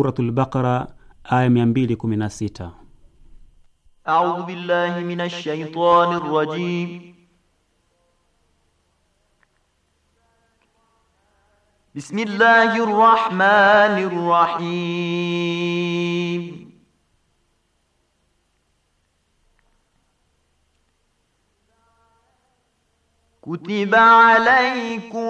Suratul Baqara aya 216. A'udhu billahi minash shaitanir rajim. بسم الله الرحمن الرحيم كتب عليكم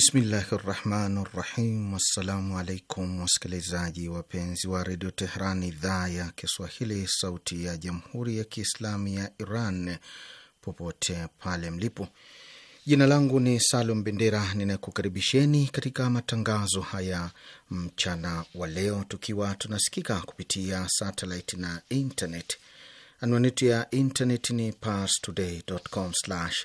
Bismillahi rahmani rahim. Wassalamu alaikum wasikilizaji wapenzi wa redio Tehran, idhaa ya Kiswahili, sauti ya jamhuri ya kiislamu ya Iran, popote pale mlipo. Jina langu ni Salum Bendera, ninakukaribisheni katika matangazo haya mchana wa leo, tukiwa tunasikika kupitia satellite na internet. Anwani yetu ya internet ni parstoday.com/sw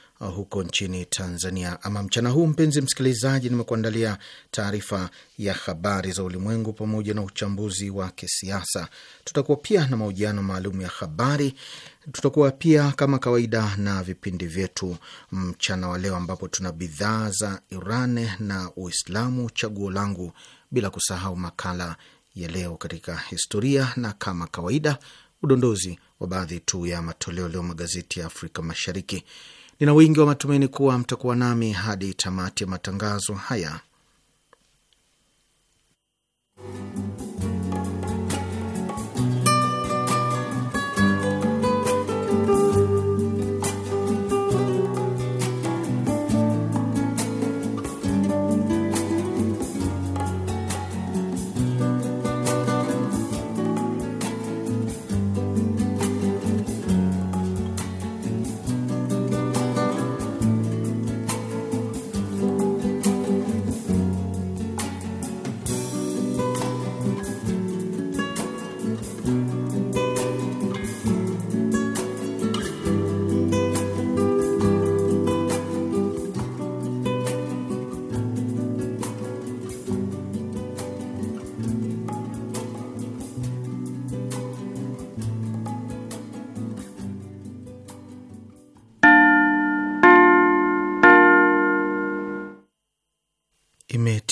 Uh, huko nchini Tanzania. Ama mchana huu, mpenzi msikilizaji, nimekuandalia taarifa ya habari za ulimwengu pamoja na uchambuzi wa kisiasa. Tutakuwa pia na mahojiano maalum ya habari. Tutakuwa pia kama kawaida na vipindi vyetu mchana wa leo, ambapo tuna bidhaa za Iran na Uislamu, chaguo langu, bila kusahau makala ya leo katika historia, na kama kawaida udondozi wa baadhi tu ya matoleo leo magazeti ya Afrika Mashariki. Nina wingi wa matumaini kuwa mtakuwa nami hadi tamati ya matangazo haya.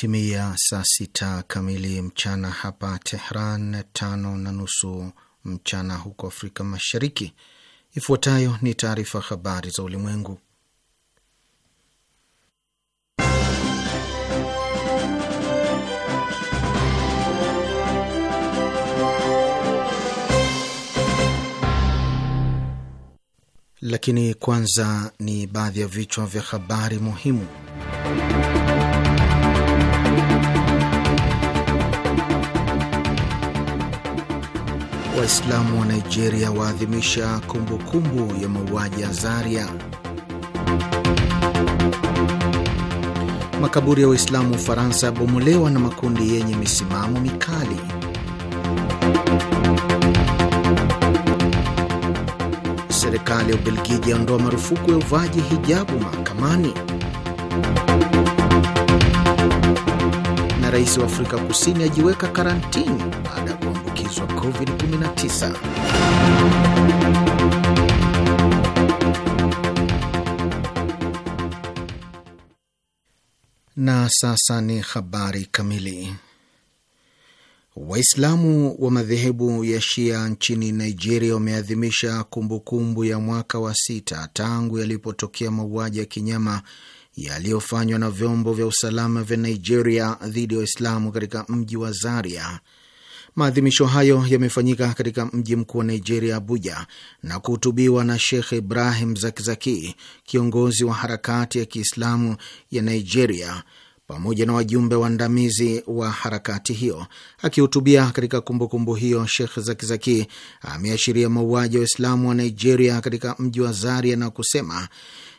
Imetimia saa sita kamili mchana hapa Tehran, tano na nusu mchana huko Afrika Mashariki. Ifuatayo ni taarifa habari za ulimwengu, lakini kwanza ni baadhi ya vichwa vya habari muhimu. Waislamu wa Nigeria waadhimisha kumbukumbu ya mauaji ya Zaria. Makaburi ya Waislamu Ufaransa yabomolewa na makundi yenye misimamo mikali. Serikali ya Ubelgiji yaondoa marufuku ya uvaji hijabu mahakamani rais wa Afrika Kusini ajiweka karantini baada ya kuambukizwa COVID-19. Na sasa ni habari kamili. Waislamu wa madhehebu ya Shia nchini Nigeria wameadhimisha kumbukumbu ya mwaka wa sita tangu yalipotokea mauaji ya kinyama yaliyofanywa na vyombo vya usalama vya Nigeria dhidi ya Waislamu katika mji wa Zaria. Maadhimisho hayo yamefanyika katika mji mkuu wa Nigeria, Abuja, na kuhutubiwa na Shekh Ibrahim Zakzaki, kiongozi wa harakati ya Kiislamu ya Nigeria, pamoja na wajumbe waandamizi wa harakati hiyo. Akihutubia katika kumbukumbu hiyo, Shekh Zakzaki ameashiria mauaji ya Waislamu wa Nigeria katika mji wa Zaria na kusema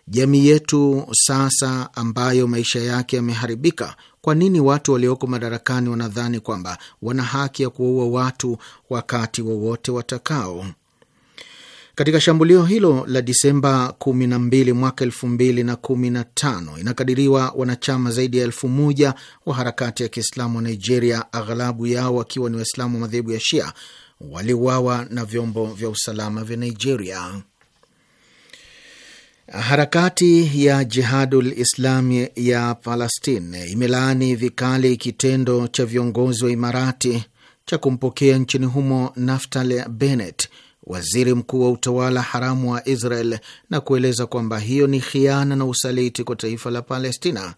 Jamii yetu sasa ambayo maisha yake yameharibika, kwa nini watu walioko madarakani wanadhani kwamba wana haki ya kuwaua watu wakati wowote wa watakao? Katika shambulio hilo la Disemba 12 mwaka 2015 inakadiriwa wanachama zaidi ya elfu moja wa harakati ya Kiislamu wa Nigeria, aghalabu yao wakiwa ni Waislamu wa madhehebu ya Shia, waliuawa na vyombo vya usalama vya Nigeria. Harakati ya Jihadul Islami ya Palestine imelaani vikali kitendo cha viongozi wa Imarati cha kumpokea nchini humo Naftali Bennett, waziri mkuu wa utawala haramu wa Israel, na kueleza kwamba hiyo ni khiana na usaliti kwa taifa la Palestina.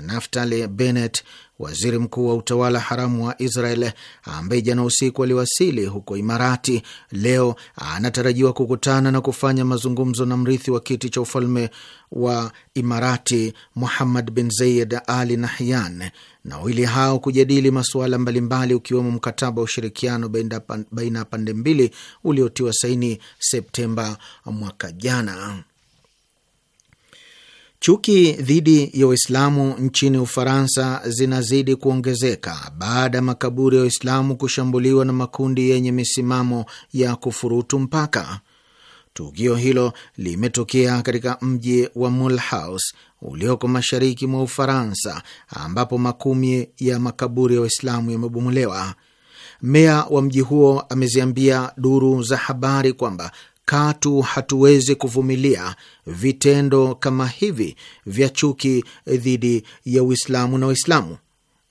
Naftali Bennett waziri mkuu wa utawala haramu wa Israel ambaye jana usiku aliwasili huko Imarati, leo anatarajiwa kukutana na kufanya mazungumzo na mrithi wa kiti cha ufalme wa Imarati Muhammad bin Zayed Ali Nahyan na wawili hao kujadili masuala mbalimbali ukiwemo mkataba wa ushirikiano baina ya pande mbili uliotiwa saini Septemba mwaka jana. Chuki dhidi ya Waislamu nchini Ufaransa zinazidi kuongezeka baada ya makaburi ya Waislamu kushambuliwa na makundi yenye misimamo ya kufurutu mpaka. Tukio hilo limetokea katika mji wa Mulhouse ulioko mashariki mwa Ufaransa, ambapo makumi ya makaburi ya Waislamu yamebomolewa. Meya wa mji huo ameziambia duru za habari kwamba Katu hatuwezi kuvumilia vitendo kama hivi vya chuki dhidi ya Uislamu na Waislamu.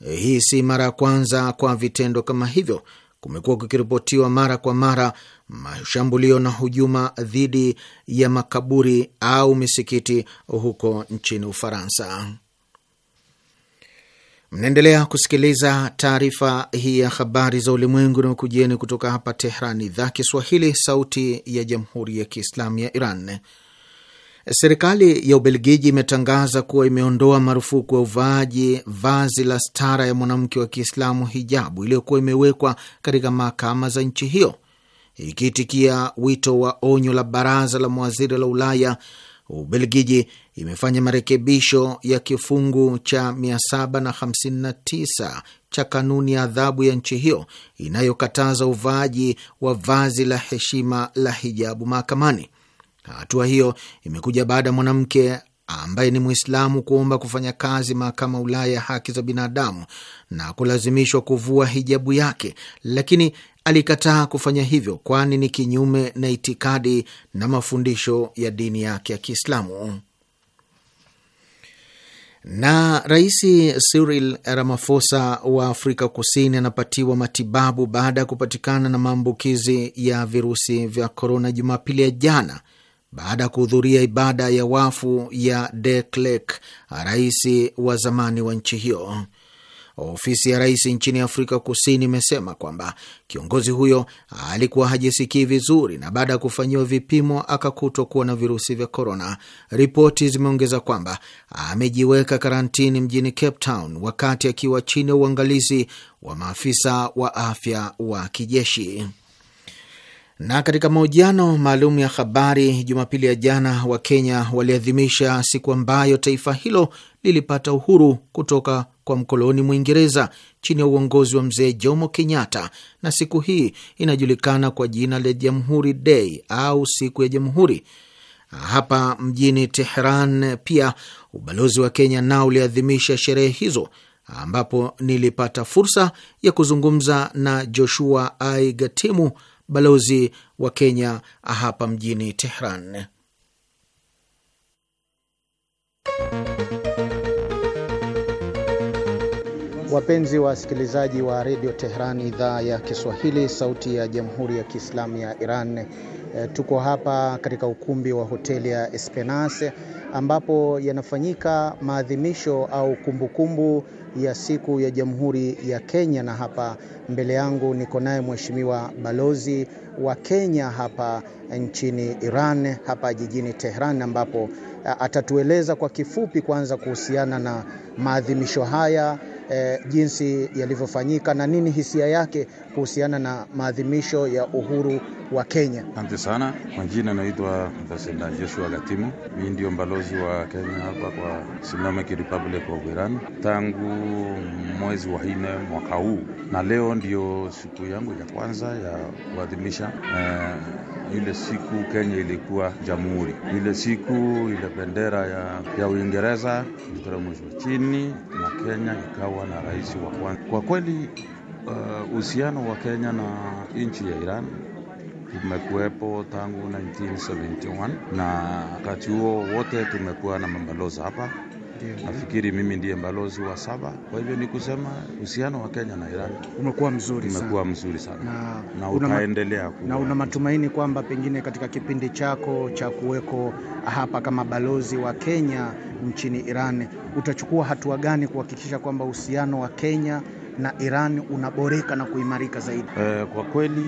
Hii si mara ya kwanza kwa vitendo kama hivyo. Kumekuwa kukiripotiwa mara kwa mara mashambulio na hujuma dhidi ya makaburi au misikiti huko nchini Ufaransa. Mnaendelea kusikiliza taarifa hii ya habari za ulimwengu na ukujieni kutoka hapa Tehran, idhaa Kiswahili, sauti ya jamhuri ya kiislamu ya Iran. Serikali ya Ubelgiji imetangaza kuwa imeondoa marufuku ya uvaaji vazi la stara ya mwanamke wa Kiislamu, hijabu, iliyokuwa imewekwa katika mahakama za nchi hiyo, ikiitikia wito wa onyo la baraza la mawaziri la Ulaya Ubelgiji imefanya marekebisho ya kifungu cha 759 cha kanuni ya adhabu ya nchi hiyo inayokataza uvaaji wa vazi la heshima la hijabu mahakamani. Hatua hiyo imekuja baada ya mwanamke ambaye ni Mwislamu kuomba kufanya kazi mahakama Ulaya ya haki za binadamu na kulazimishwa kuvua hijabu yake, lakini alikataa kufanya hivyo, kwani ni kinyume na itikadi na mafundisho ya dini yake ya Kiislamu. Na Rais Cyril Ramaphosa wa Afrika Kusini anapatiwa matibabu baada ya kupatikana na maambukizi ya virusi vya korona Jumapili ya jana baada ya kuhudhuria ibada ya wafu ya Declercq, rais wa zamani wa nchi hiyo. Ofisi ya rais nchini Afrika Kusini imesema kwamba kiongozi huyo alikuwa hajisikii vizuri na baada ya kufanyiwa vipimo akakutwa kuwa na virusi vya korona. Ripoti zimeongeza kwamba amejiweka karantini mjini Cape Town wakati akiwa chini ya uangalizi wa maafisa wa afya wa kijeshi. Na katika mahojiano maalum ya habari Jumapili ya jana, Wakenya waliadhimisha siku ambayo taifa hilo lilipata uhuru kutoka kwa mkoloni Mwingereza chini ya uongozi wa mzee Jomo Kenyatta, na siku hii inajulikana kwa jina la Jamhuri Day au siku ya Jamhuri. Hapa mjini Teheran pia ubalozi wa Kenya nao uliadhimisha sherehe hizo, ambapo nilipata fursa ya kuzungumza na Joshua Ai Gatimu, balozi wa Kenya hapa mjini Teheran. Wapenzi wa wasikilizaji wa redio Tehran, idhaa ya Kiswahili, sauti ya jamhuri ya kiislamu ya Iran. E, tuko hapa katika ukumbi wa hoteli ya Esperance ambapo yanafanyika maadhimisho au kumbukumbu ya siku ya jamhuri ya Kenya, na hapa mbele yangu niko naye mheshimiwa balozi wa Kenya hapa nchini Iran, hapa jijini Tehran, ambapo eh, atatueleza kwa kifupi kwanza kuhusiana na maadhimisho haya eh, jinsi yalivyofanyika na nini hisia yake kuhusiana na maadhimisho ya uhuru wa Kenya. Asante sana. Kwa jina naitwa Mvasenda Joshua Gatimu, mimi ndio mbalozi wa Kenya hapa kwa Islamic Republic of Iran tangu mwezi wa nne mwaka huu, na leo ndio siku yangu ya kwanza ya kuadhimisha eh, ile siku Kenya ilikuwa jamhuri. Ile siku ile bendera ya, ya Uingereza iliteremshwa chini na Kenya ikawa na rais wa kwanza. Kwa kweli Uh, uhusiano wa Kenya na nchi ya Iran umekuwepo tangu 1971 na wakati huo wote tumekuwa na mabalozi hapa. Nafikiri mimi ndiye balozi wa saba. Kwa hivyo ni kusema uhusiano wa Kenya na Iran umekuwa mzuri, umekuwa mzuri sana na, na utaendelea kuwa. Na una matumaini kwamba pengine katika kipindi chako cha kuweko hapa kama balozi wa Kenya nchini Iran utachukua hatua gani kuhakikisha kwamba uhusiano wa Kenya na Iran unaboreka na kuimarika zaidi. Eh, kwa kweli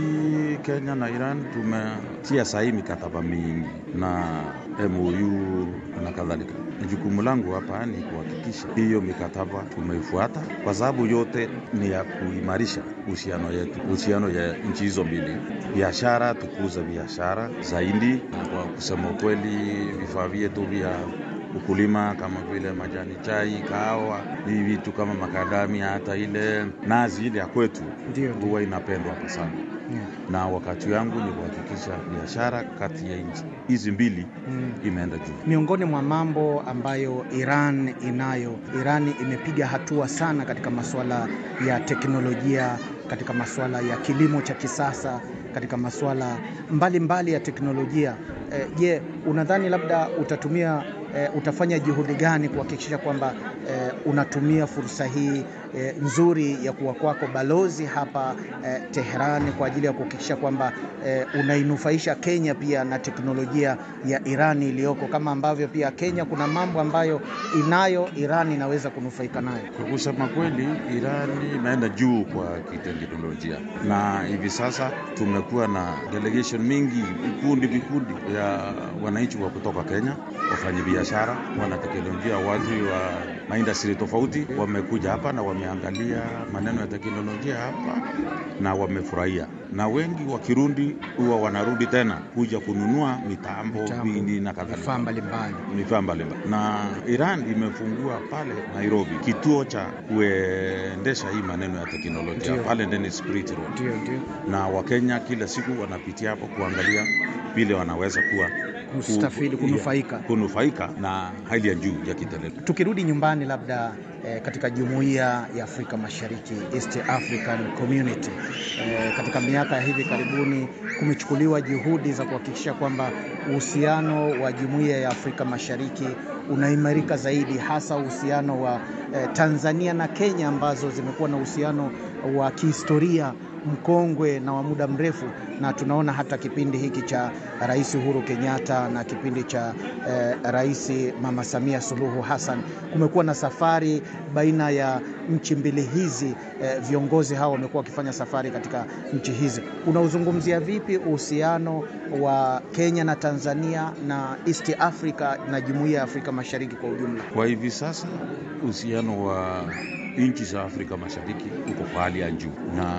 Kenya na Iran tumetia sahihi mikataba mingi na MOU na kadhalika. Jukumu langu hapa ni kuhakikisha hiyo mikataba tumeifuata, kwa sababu yote ni ya kuimarisha uhusiano yetu, uhusiano ya nchi hizo mbili, biashara, tukuza biashara zaidi, kwa kusema ukweli vifaa vyetu vya ukulima kama vile majani chai, kahawa, hivi vitu kama makadamia, hata ile nazi ile ya kwetu huwa inapendwa hapa sana yeah. Na wakati wangu ni kuhakikisha biashara kati ya hizi mbili mm. imeenda juu. Miongoni mwa mambo ambayo Iran inayo, Iran imepiga hatua sana katika masuala ya teknolojia, katika masuala ya kilimo cha kisasa, katika masuala mbalimbali mbali ya teknolojia. Eh, je, eh, unadhani labda utatumia e, utafanya juhudi gani kuhakikisha kwamba e, unatumia fursa hii e, nzuri ya kuwa kwako balozi hapa e, Teherani kwa ajili ya kuhakikisha kwamba e, unainufaisha Kenya pia na teknolojia ya Irani iliyoko, kama ambavyo pia Kenya kuna mambo ambayo inayo Irani inaweza kunufaika nayo. Kwa kusema kweli, Irani inaenda juu kwa kiteknolojia, na hivi sasa tumekuwa na delegation mingi, vikundi vikundi ya wananchi wa kutoka Kenya wafanya biashara, wana teknolojia wazi wa maindastri tofauti wamekuja hapa na wameangalia maneno ya teknolojia hapa na wamefurahia, na wengi wa Kirundi huwa wanarudi tena kuja kununua mitambo bini na kadhalika, vifaa mbalimbali. Na Iran imefungua pale Nairobi kituo cha kuendesha hii maneno ya teknolojia Dio. pale ndani Spirit Road Dio, Dio. na Wakenya kila siku wanapitia hapo kuangalia vile wanaweza kuwa kustafidi, kunufaika, kunufaika na hali ya juu ya kitelezo. Tukirudi nyumbani fulani labda eh, katika jumuiya ya Afrika Mashariki, East African Community. Eh, katika miaka ya hivi karibuni kumechukuliwa juhudi za kuhakikisha kwamba uhusiano wa jumuiya ya Afrika Mashariki unaimarika zaidi, hasa uhusiano wa eh, Tanzania na Kenya ambazo zimekuwa na uhusiano wa kihistoria mkongwe na wa muda mrefu, na tunaona hata kipindi hiki cha Rais Uhuru Kenyatta na kipindi cha eh, Rais Mama Samia Suluhu Hassan kumekuwa na safari baina ya nchi mbili hizi. Eh, viongozi hawa wamekuwa wakifanya safari katika nchi hizi. Unauzungumzia vipi uhusiano wa Kenya na Tanzania na East Africa na Jumuiya ya Afrika Mashariki kwa ujumla? Kwa hivi sasa uhusiano wa nchi za Afrika Mashariki uko kwa hali ya juu na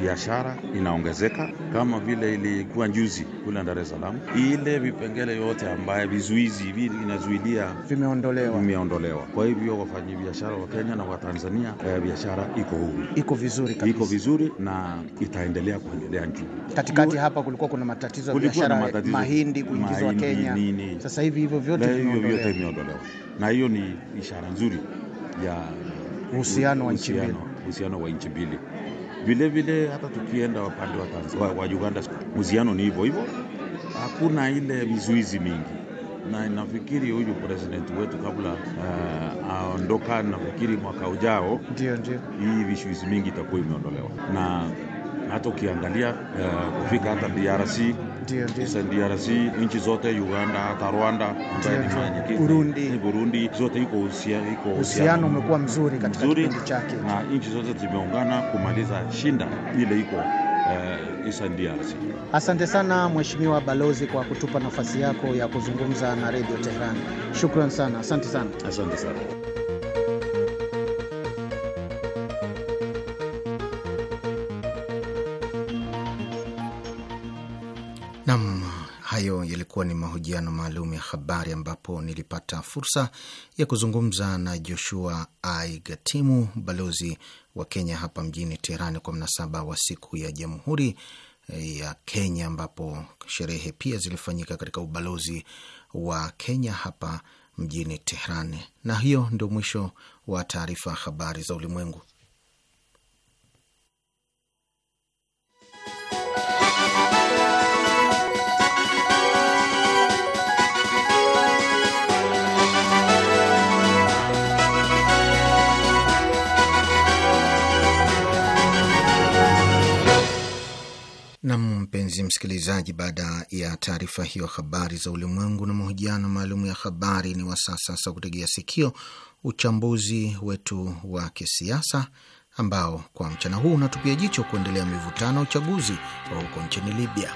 biashara inaongezeka kama vile ilikuwa juzi kule Dar es Salaam. Ile vipengele yote ambayo vizuizi hivi inazuilia vimeondolewa, vimeondolewa. Kwa hivyo wafanyabiashara wa Kenya na wa Tanzania, eh, biashara iko huru, iko vizuri kabisa, iko vizuri na itaendelea kuendelea juu. Katikati hapa kulikuwa kuna matatizo ya biashara, mahindi kuingizwa Kenya, nini. Sasa hivi hivyo vyote vimeondolewa, na hiyo ni ishara nzuri ya uhusiano wa nchi mbili. Vilevile hata tukienda upande wa, wa Uganda uhusiano ni hivyo hivyo, hakuna ile vizuizi mingi na nafikiri huyu president wetu kabla uh, aondoka, nafikiri mwaka ujao ndio ndio hii vishuizi mingi itakuwa imeondolewa, na hata ukiangalia uh, kufika hata DRC za DRC, nchi zote Uganda, hata Rwanda Burundi, Burundi zote iko uhusiano, uhusiano umekuwa mzuri katika kipindi chake, na nchi zote zimeungana kumaliza shinda ile iko Uh, asante sana Mheshimiwa Balozi kwa kutupa nafasi yako ya kuzungumza na Radio Tehran. Shukran sana, asante sana. Asante sana. yalikuwa ni mahojiano maalum ya habari ambapo nilipata fursa ya kuzungumza na Joshua Aigatimu, balozi wa Kenya hapa mjini Teherani, kwa mnasaba wa siku ya Jamhuri ya Kenya, ambapo sherehe pia zilifanyika katika ubalozi wa Kenya hapa mjini Teherani. Na hiyo ndio mwisho wa taarifa habari za ulimwengu. Nam, mpenzi msikilizaji, baada ya taarifa hiyo habari za ulimwengu na mahojiano maalum ya habari, ni wasaa sasa kutegea sikio uchambuzi wetu wa kisiasa ambao kwa mchana huu unatupia jicho kuendelea mivutano ya uchaguzi wa huko nchini Libya.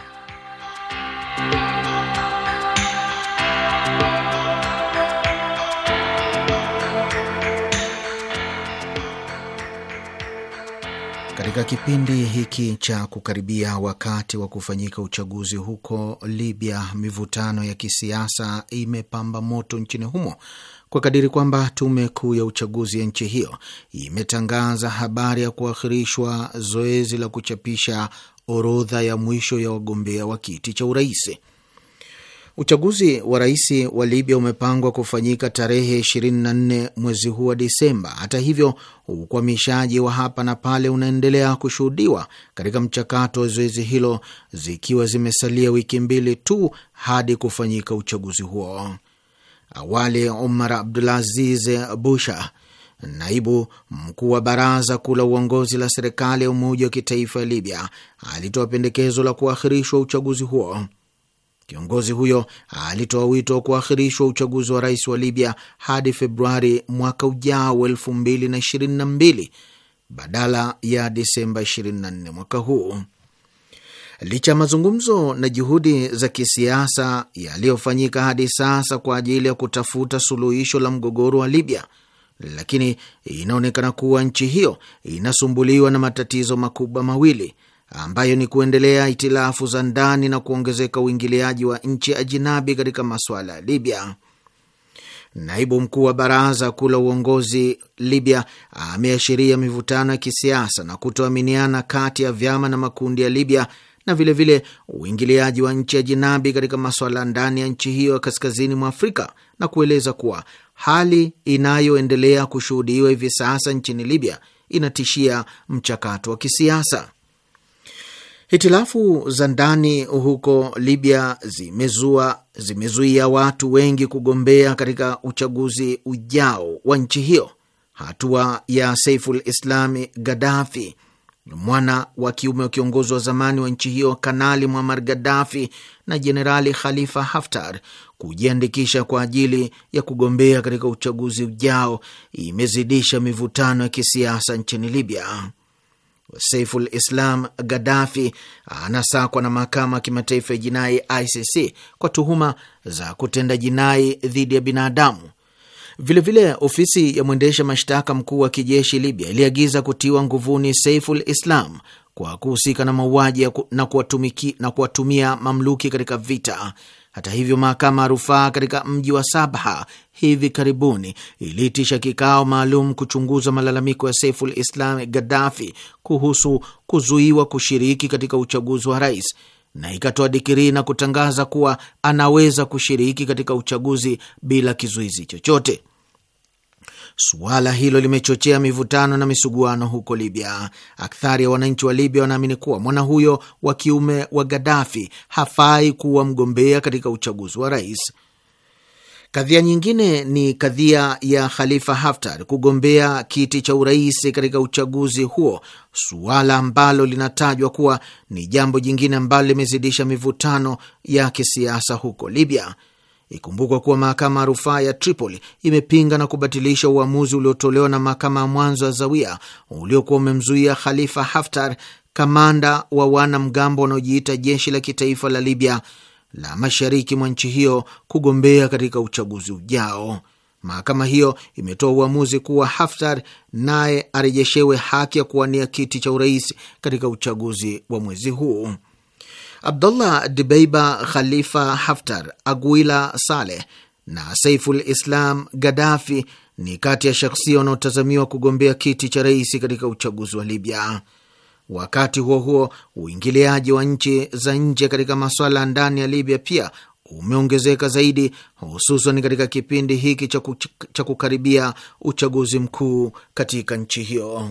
Katika kipindi hiki cha kukaribia wakati wa kufanyika uchaguzi huko Libya, mivutano ya kisiasa imepamba moto nchini humo kwa kadiri kwamba tume kuu ya uchaguzi ya nchi hiyo imetangaza habari ya kuahirishwa zoezi la kuchapisha orodha ya mwisho ya wagombea wa kiti cha urais. Uchaguzi wa rais wa Libya umepangwa kufanyika tarehe 24 mwezi huu wa Disemba. Hata hivyo, ukwamishaji wa hapa na pale unaendelea kushuhudiwa katika mchakato wa zoezi hilo, zikiwa zimesalia wiki mbili tu hadi kufanyika uchaguzi huo. Awali, Omar Abdulaziz Busha, naibu mkuu wa baraza kuu la uongozi la serikali ya umoja wa kitaifa ya Libya, alitoa pendekezo la kuahirishwa uchaguzi huo. Kiongozi huyo alitoa wito wa kuahirishwa uchaguzi wa rais wa Libya hadi Februari mwaka ujao elfu mbili na ishirini na mbili badala ya Disemba 24 mwaka huu. Licha ya mazungumzo na juhudi za kisiasa yaliyofanyika hadi sasa kwa ajili ya kutafuta suluhisho la mgogoro wa Libya, lakini inaonekana kuwa nchi hiyo inasumbuliwa na matatizo makubwa mawili ambayo ni kuendelea itilafu za ndani na kuongezeka uingiliaji wa nchi ajinabi katika masuala ya Libya. Naibu mkuu wa baraza kuu la uongozi Libya ameashiria mivutano ya kisiasa na kutoaminiana kati ya vyama na makundi ya Libya na vilevile vile uingiliaji wa nchi ya jinabi katika masuala ndani ya nchi hiyo ya kaskazini mwa Afrika na kueleza kuwa hali inayoendelea kushuhudiwa hivi sasa nchini Libya inatishia mchakato wa kisiasa. Hitilafu za ndani huko Libya zimezua zimezuia watu wengi kugombea katika uchaguzi ujao wa nchi hiyo. Hatua ya Saiful Islami Gaddafi, mwana wa kiume wa kiongozi wa zamani wa nchi hiyo Kanali Muammar Gaddafi na Jenerali Khalifa Haftar kujiandikisha kwa ajili ya kugombea katika uchaguzi ujao imezidisha mivutano ya kisiasa nchini Libya. Saiful Islam Gaddafi anasakwa na mahakama ya kimataifa ya jinai ICC kwa tuhuma za kutenda jinai dhidi ya binadamu. Vilevile, ofisi ya mwendesha mashtaka mkuu wa kijeshi Libya iliagiza kutiwa nguvuni Saiful Islam kwa kuhusika na mauaji na kuwatumia mamluki katika vita hata hivyo, mahakama ya rufaa katika mji wa Sabha hivi karibuni iliitisha kikao maalum kuchunguza malalamiko ya Saiful Islam Gaddafi kuhusu kuzuiwa kushiriki katika uchaguzi wa rais na ikatoa dikirii na kutangaza kuwa anaweza kushiriki katika uchaguzi bila kizuizi chochote. Suala hilo limechochea mivutano na misuguano huko Libya. Akthari ya wananchi wa Libya wanaamini kuwa mwana huyo wa kiume wa Gaddafi hafai kuwa mgombea katika uchaguzi wa rais. Kadhia nyingine ni kadhia ya Khalifa Haftar kugombea kiti cha urais katika uchaguzi huo, suala ambalo linatajwa kuwa ni jambo jingine ambalo limezidisha mivutano ya kisiasa huko Libya. Ikumbukwa kuwa mahakama ya rufaa ya Tripoli imepinga na kubatilisha uamuzi uliotolewa na mahakama ya mwanzo ya Zawia uliokuwa umemzuia Khalifa Haftar, kamanda wa wanamgambo wanaojiita jeshi la kitaifa la Libya la mashariki mwa nchi hiyo kugombea katika uchaguzi ujao. Mahakama hiyo imetoa uamuzi kuwa Haftar naye arejeshewe haki ya kuwania kiti cha urais katika uchaguzi wa mwezi huu. Abdullah Dibeiba Khalifa Haftar, Aguila Saleh na Saiful Islam Gaddafi ni kati ya shakhsia wanaotazamiwa kugombea kiti cha rais katika uchaguzi wa Libya. Wakati huo huo, uingiliaji wa nchi za nje katika masuala ya ndani ya Libya pia umeongezeka zaidi, hususan katika kipindi hiki cha kukaribia uchaguzi mkuu katika nchi hiyo.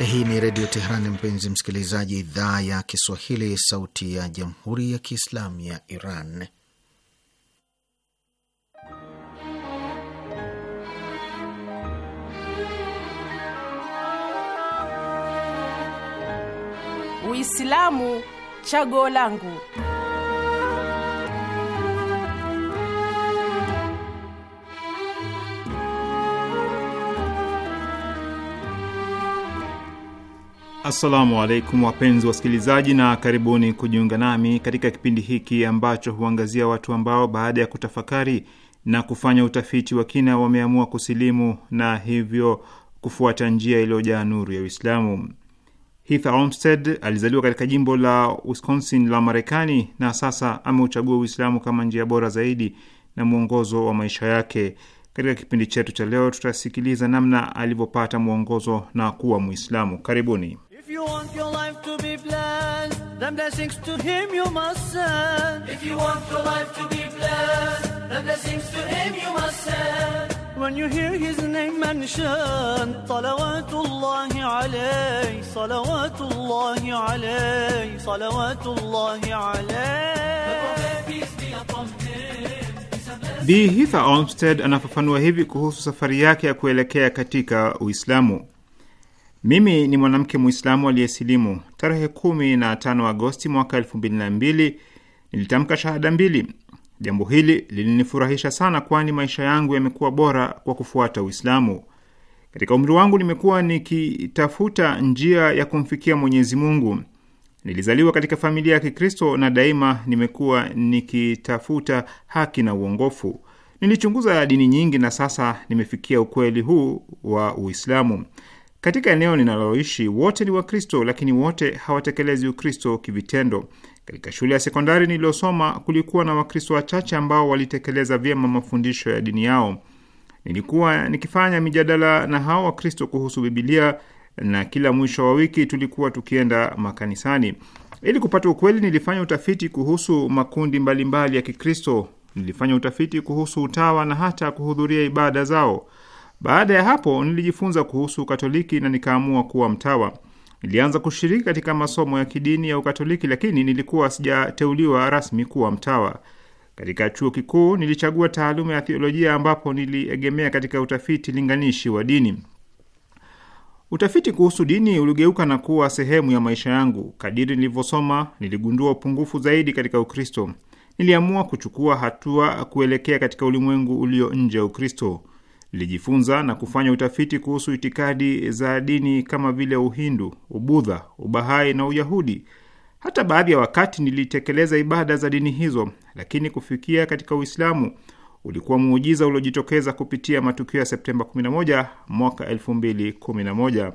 Hii ni Redio Teherani, mpenzi msikilizaji, idhaa ya Kiswahili, sauti ya jamhuri ya kiislamu ya Iran. Uislamu chaguo langu. Assalamu alaikum wapenzi wasikilizaji, na karibuni kujiunga nami katika kipindi hiki ambacho huangazia watu ambao baada ya kutafakari na kufanya utafiti wa kina wameamua kusilimu na hivyo kufuata njia iliyojaa nuru ya Uislamu. Heath Olmsted alizaliwa katika jimbo la Wisconsin la Marekani na sasa ameuchagua Uislamu kama njia bora zaidi na mwongozo wa maisha yake. Katika kipindi chetu cha leo, tutasikiliza namna alivyopata mwongozo na kuwa Mwislamu. Karibuni. If you want your life to be blessed, then blessings to him you must send. If you want your life to be blessed, then blessings to him you must send. When you hear his name mentioned, صلوات الله عليه, صلوات الله عليه, Bi Hitha Olmsted anafafanua hivi kuhusu safari yake ya kuelekea katika Uislamu. Mimi ni mwanamke Muislamu aliyesilimu. Tarehe kumi na tano Agosti mwaka elfu mbili na mbili nilitamka shahada mbili. Jambo hili lilinifurahisha sana, kwani maisha yangu yamekuwa bora kwa kufuata Uislamu. Katika umri wangu nimekuwa nikitafuta njia ya kumfikia Mwenyezi Mungu. Nilizaliwa katika familia ya Kikristo na daima nimekuwa nikitafuta haki na uongofu. Nilichunguza dini nyingi na sasa nimefikia ukweli huu wa Uislamu. Katika eneo ninaloishi wote ni Wakristo, lakini wote hawatekelezi Ukristo kivitendo. Katika shule ya sekondari niliyosoma kulikuwa na Wakristo wachache ambao walitekeleza vyema mafundisho ya dini yao. Nilikuwa nikifanya mijadala na hao Wakristo kuhusu Bibilia na kila mwisho wa wiki tulikuwa tukienda makanisani. Ili kupata ukweli, nilifanya utafiti kuhusu makundi mbalimbali mbali ya Kikristo. Nilifanya utafiti kuhusu utawa na hata kuhudhuria ibada zao. Baada ya hapo nilijifunza kuhusu Ukatoliki na nikaamua kuwa mtawa. Nilianza kushiriki katika masomo ya kidini ya Ukatoliki, lakini nilikuwa sijateuliwa rasmi kuwa mtawa. Katika chuo kikuu nilichagua taaluma ya theolojia, ambapo niliegemea katika utafiti linganishi wa dini. Utafiti kuhusu dini uligeuka na kuwa sehemu ya maisha yangu. Kadiri nilivyosoma, niligundua upungufu zaidi katika Ukristo. Niliamua kuchukua hatua kuelekea katika ulimwengu ulio nje ya Ukristo lilijifunza na kufanya utafiti kuhusu itikadi za dini kama vile Uhindu, Ubudha, Ubahai na Uyahudi. Hata baadhi ya wakati nilitekeleza ibada za dini hizo, lakini kufikia katika Uislamu ulikuwa muujiza uliojitokeza kupitia matukio ya Septemba 11 mwaka 2011.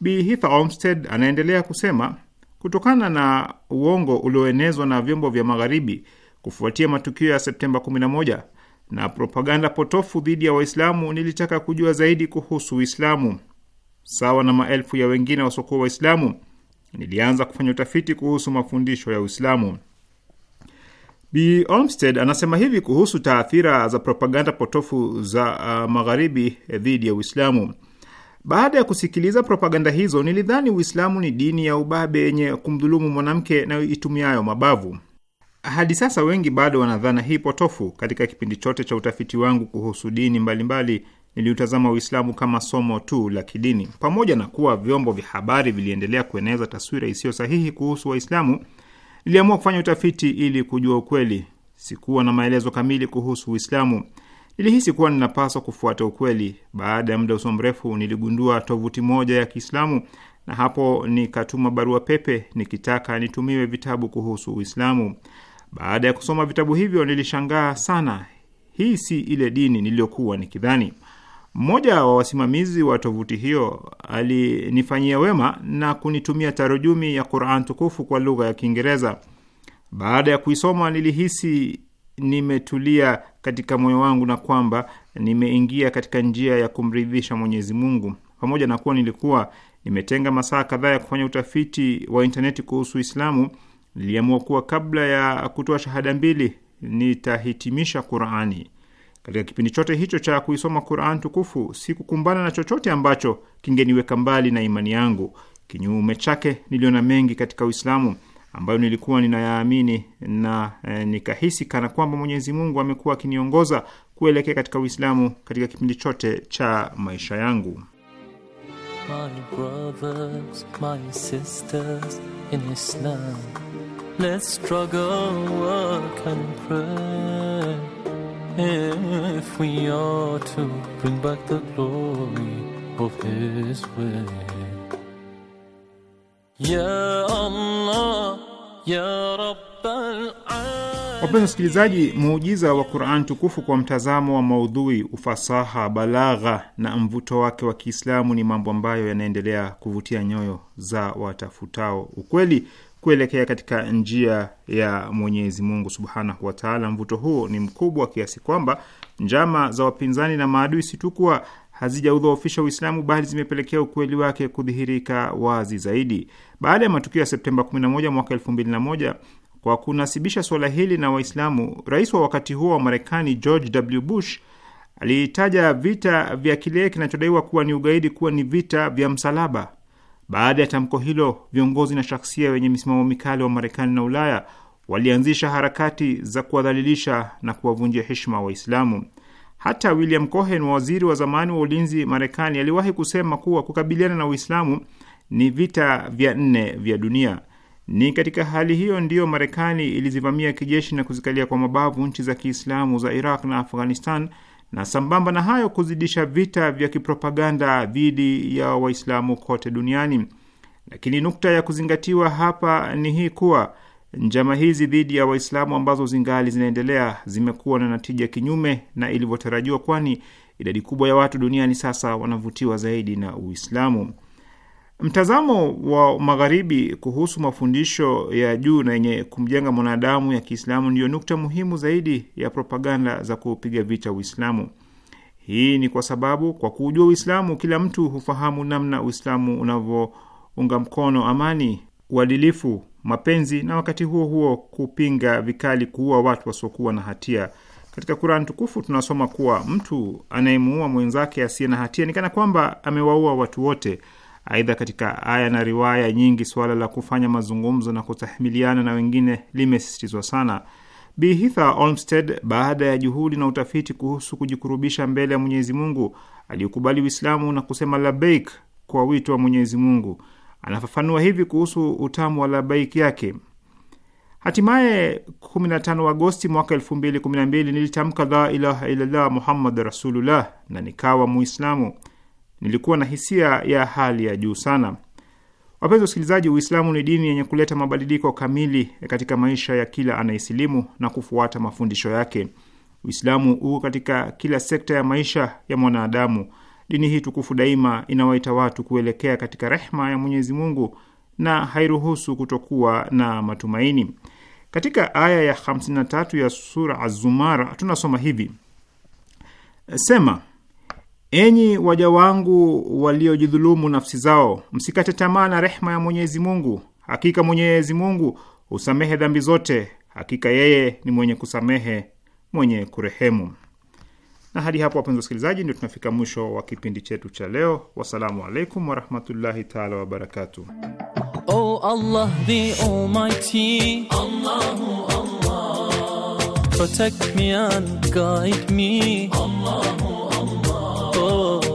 Bi Hitha Olmsted anaendelea kusema, kutokana na uongo ulioenezwa na vyombo vya Magharibi kufuatia matukio ya Septemba 11 na propaganda potofu dhidi ya Waislamu, nilitaka kujua zaidi kuhusu Uislamu. Sawa na maelfu ya wengine wasiokuwa Waislamu, nilianza kufanya utafiti kuhusu mafundisho ya Uislamu. B. Olmsted anasema hivi kuhusu taathira za propaganda potofu za uh, magharibi eh, dhidi ya Uislamu. Baada ya kusikiliza propaganda hizo, nilidhani Uislamu ni dini ya ubabe yenye kumdhulumu mwanamke na itumiayo mabavu. Hadi sasa wengi bado wanadhana hii potofu. Katika kipindi chote cha utafiti wangu kuhusu dini mbalimbali, niliutazama Uislamu kama somo tu la kidini. Pamoja na kuwa vyombo vya habari viliendelea kueneza taswira isiyo sahihi kuhusu Waislamu, niliamua kufanya utafiti ili kujua ukweli. Sikuwa na maelezo kamili kuhusu Uislamu. Nilihisi kuwa ninapaswa kufuata ukweli. Baada ya muda usio mrefu, niligundua tovuti moja ya Kiislamu na hapo nikatuma barua pepe nikitaka nitumiwe vitabu kuhusu Uislamu. Baada ya kusoma vitabu hivyo nilishangaa sana, hii si ile dini niliyokuwa nikidhani. Mmoja wa wasimamizi wa tovuti hiyo alinifanyia wema na kunitumia tarujumi ya Quran tukufu kwa lugha ya Kiingereza. Baada ya kuisoma, nilihisi nimetulia katika moyo wangu na kwamba nimeingia katika njia ya kumridhisha Mwenyezi Mungu. Pamoja na kuwa nilikuwa nimetenga masaa kadhaa ya kufanya utafiti wa intaneti kuhusu Uislamu, niliamua kuwa kabla ya kutoa shahada mbili nitahitimisha Qurani. Katika kipindi chote hicho cha kuisoma Quran tukufu sikukumbana na chochote ambacho kingeniweka mbali na imani yangu. Kinyume chake, niliona mengi katika Uislamu ambayo nilikuwa ninayaamini na e, nikahisi kana kwamba Mwenyezi Mungu amekuwa akiniongoza kuelekea katika Uislamu katika kipindi chote cha maisha yangu. My brothers, my sisters in Islam. Let's struggle, work, and pray. If we are to bring back the glory of His way. Ya Allah, Ya Rabbal Wapenzi wasikilizaji, muujiza wa Quran tukufu kwa mtazamo wa maudhui, ufasaha, balagha na mvuto wake wa Kiislamu ni mambo ambayo yanaendelea kuvutia nyoyo za watafutao ukweli kuelekea katika njia ya Mwenyezi Mungu subhanahu wataala. Mvuto huo ni mkubwa kiasi kwamba njama za wapinzani na maadui si tu kuwa hazijaudhoofisha Uislamu bali zimepelekea ukweli wake kudhihirika wazi zaidi. Baada ya matukio ya Septemba 11 mwaka 2001, kwa kunasibisha suala hili na Waislamu, rais wa wakati huo wa Marekani George W. Bush aliitaja vita vya kile kinachodaiwa kuwa ni ugaidi kuwa ni vita vya msalaba. Baada ya tamko hilo, viongozi na shakhsia wenye misimamo mikali wa Marekani na Ulaya walianzisha harakati za kuwadhalilisha na kuwavunjia heshima Waislamu. Hata William Cohen, waziri wa zamani wa ulinzi Marekani, aliwahi kusema kuwa kukabiliana na Uislamu ni vita vya nne vya dunia. Ni katika hali hiyo ndiyo Marekani ilizivamia kijeshi na kuzikalia kwa mabavu nchi za Kiislamu za Iraq na Afghanistan na sambamba na hayo kuzidisha vita vya kipropaganda dhidi ya Waislamu kote duniani. Lakini nukta ya kuzingatiwa hapa ni hii kuwa njama hizi dhidi ya Waislamu ambazo zingali zinaendelea zimekuwa na natija kinyume na ilivyotarajiwa, kwani idadi kubwa ya watu duniani sasa wanavutiwa zaidi na Uislamu. Mtazamo wa Magharibi kuhusu mafundisho ya juu na yenye kumjenga mwanadamu ya Kiislamu ndiyo nukta muhimu zaidi ya propaganda za kupiga vita Uislamu. Hii ni kwa sababu kwa kuujua Uislamu kila mtu hufahamu namna Uislamu unavyounga mkono amani, uadilifu, mapenzi na wakati huo huo kupinga vikali kuua watu wasiokuwa na hatia. Katika Kurani tukufu tunasoma kuwa mtu anayemuua mwenzake asiye na hatia ni kana kwamba amewaua watu wote. Aidha, katika aya na riwaya nyingi suala la kufanya mazungumzo na kutahimiliana na wengine limesisitizwa sana. Bi Hitha Olmsted, baada ya juhudi na utafiti kuhusu kujikurubisha mbele ya Mwenyezi Mungu, aliyokubali Uislamu na kusema labeik kwa wito wa Mwenyezi Mungu, anafafanua hivi kuhusu utamu wa labeik yake: Hatimaye 15 Agosti mwaka 2012 nilitamka la ilaha illallah Muhammad rasulullah na nikawa Muislamu nilikuwa na hisia ya hali ya juu sana. Wapenzi wasikilizaji, Uislamu ni dini yenye kuleta mabadiliko kamili katika maisha ya kila anayesilimu na kufuata mafundisho yake. Uislamu uko katika kila sekta ya maisha ya mwanadamu. Dini hii tukufu daima inawaita watu kuelekea katika rehma ya Mwenyezi Mungu na hairuhusu kutokuwa na matumaini. Katika aya ya 53 ya sura Az-Zumar tunasoma hivi: Sema, Enyi waja wangu waliojidhulumu nafsi zao, msikate tamaa na rehma ya Mwenyezi Mungu. Hakika Mwenyezi Mungu husamehe dhambi zote, hakika yeye ni mwenye kusamehe, mwenye kurehemu. Na hadi hapo, wapenzi wasikilizaji, ndio tunafika mwisho wa kipindi chetu cha leo. Wassalamu alaikum warahmatullahi taala wabarakatuh. Oh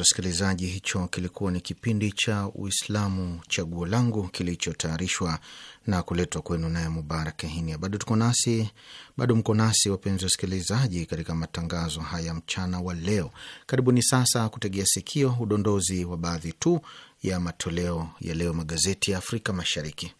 Wapenzi wasikilizaji, hicho kilikuwa ni kipindi cha Uislamu Chaguo Langu kilichotayarishwa na kuletwa kwenu naye Mubarak Hinia. Bado tuko nasi, bado mko nasi wapenzi wasikilizaji, katika matangazo haya mchana wa leo. Karibuni sasa kutegea sikio udondozi wa baadhi tu ya matoleo ya leo magazeti ya Afrika Mashariki.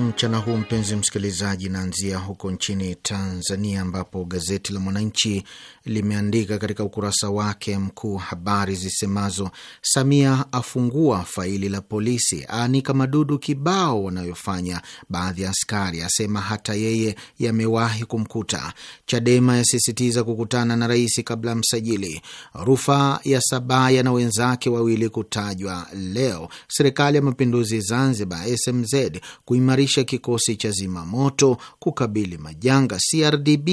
mchana huu, mpenzi msikilizaji, naanzia huko nchini Tanzania ambapo gazeti la Mwananchi limeandika katika ukurasa wake mkuu habari zisemazo Samia afungua faili la polisi, aanika madudu kibao wanayofanya baadhi ya askari, asema hata yeye yamewahi kumkuta. Chadema yasisitiza kukutana na rais kabla msajili. Rufaa ya Sabaya na wenzake wawili kutajwa leo. Serikali ya Mapinduzi Zanzibar SMZ kuimarisha kikosi cha zimamoto kukabili majanga. CRDB